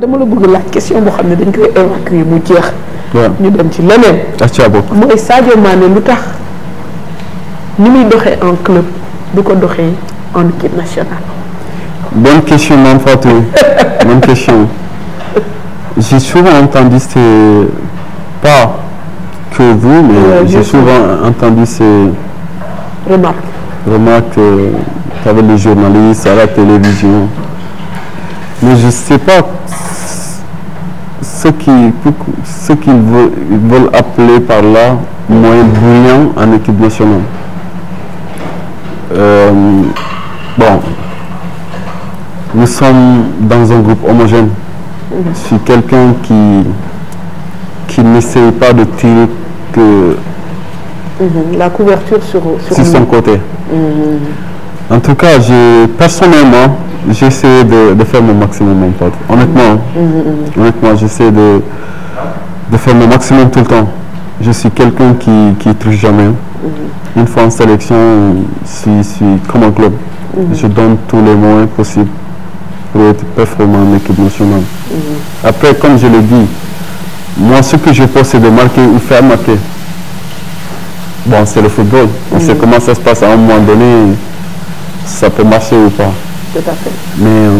dama la bëgg laaj question boo xam ne dañ koy évacuer mu jeex. ñu dem ci leneen. acca ah, boobu mooy Sadio Mané lu tax ni muy doxee en club du ko doxee en équipe nationale. bonne question Mame Fatou bonne question j'ai souvent entendu ces pas que vous mais j'ai souvent entendu ces remarques remarques euh, avaient les journalistes à la télévision. Mais je ne sais pas ce qu'ils veulent, appeler par là moyen brillant en équipe nationale. Euh, bon, nous sommes dans un groupe homogène. Je mhm. suis quelqu'un qui, qui n'essaye pas de tirer que mhm. la couverture sur, son côté. Mhm. En tout cas, personnellement, j'essaie de, faire mon maximum, mon pote. Honnêtement, mm-hmm. honnêtement j'essaie de, faire mon maximum tout le temps. Je suis quelqu'un qui ne triche jamais. Mm-hmm. Une fois en sélection, je suis comme un club. Mm-hmm. Je donne tous les moyens possibles pour être performant en équipe nationale. Après, comme je l'ai dit, moi, ce que je pense, c'est de marquer ou faire marquer. Bon, c'est le football. On sait comment ça se passe à un moment donné. Ça peut marcher ou pas. Tout à fait. Mais euh,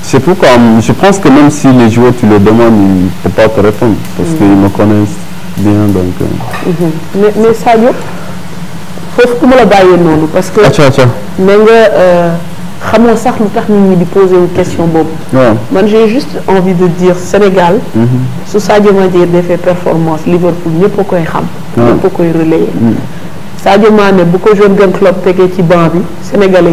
c'est pourquoi euh, je pense que même si les joueurs, tu les demandes, ils ne peuvent pas te répondre parce mmh. qu'ils mm-hmm. me connaissent bien. Donc, euh. Mm-hmm. Mais, mais Sadio, il faut que je le baille parce que... mais euh, xamoo sax lu tax nit ñi di poser une question bob Ouais. j'ai juste envie de dire Sénégal. ce mm-hmm. Sadio Mané fait performance Liverpool ñëpp a il xam. ñëpp pour qu'il relayer. Mm. Sadio Mané beaucoup de jeune de club tegee ci banc bi sénégalais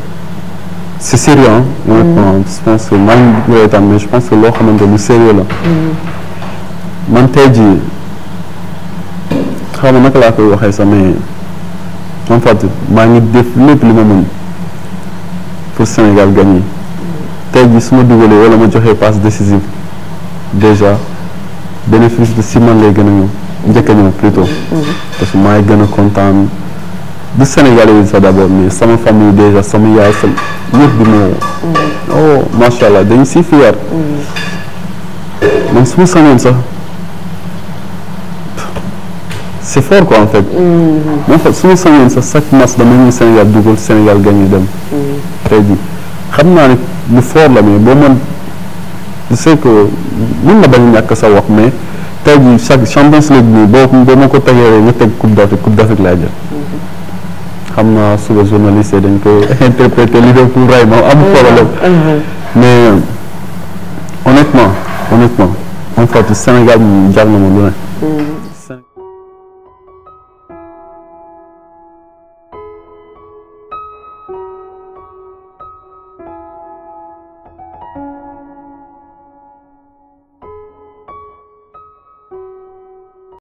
Sicilien, donc mm -hmm. je pense que même mais que l'or même de Lucéria là. Man tay ji xawma naka laa koy waxee sax mais en fait maa ngi def lépp li ma mën pour Sénégal gagné tey ji su ma dugalee wala ma joxee passe décisive de si man lay gën a ñëw njëkk a ñëw plutôt parce du sénégal yi sax d'abord mais sama famille déjà sama yaay sama ñëpp bi moo mm. oh macha allah dañ si fier mm. man su ma sanoon sax c'est fort quoi en fait mm-hmm. fa su ma sanoon sax chaque match dama ñëw Sénégal dugal Sénégal gagné dem tey mm. jii xam naa ne lu fort la mais boo man je sais que mën na bañ ñàkk sa wax mais tey jii chaque Champions League bi boo boo ma ko tegee nga teg coupe d'Afrique coupe d'Afrique laa jël Comme sous suba journaliste dañ koy interpréter Liverpool ray moom am problème mm-hmm. Mm-hmm. mais honnêtement honnêtement en fait Sénégal mu jar na ma lu ne mm-hmm.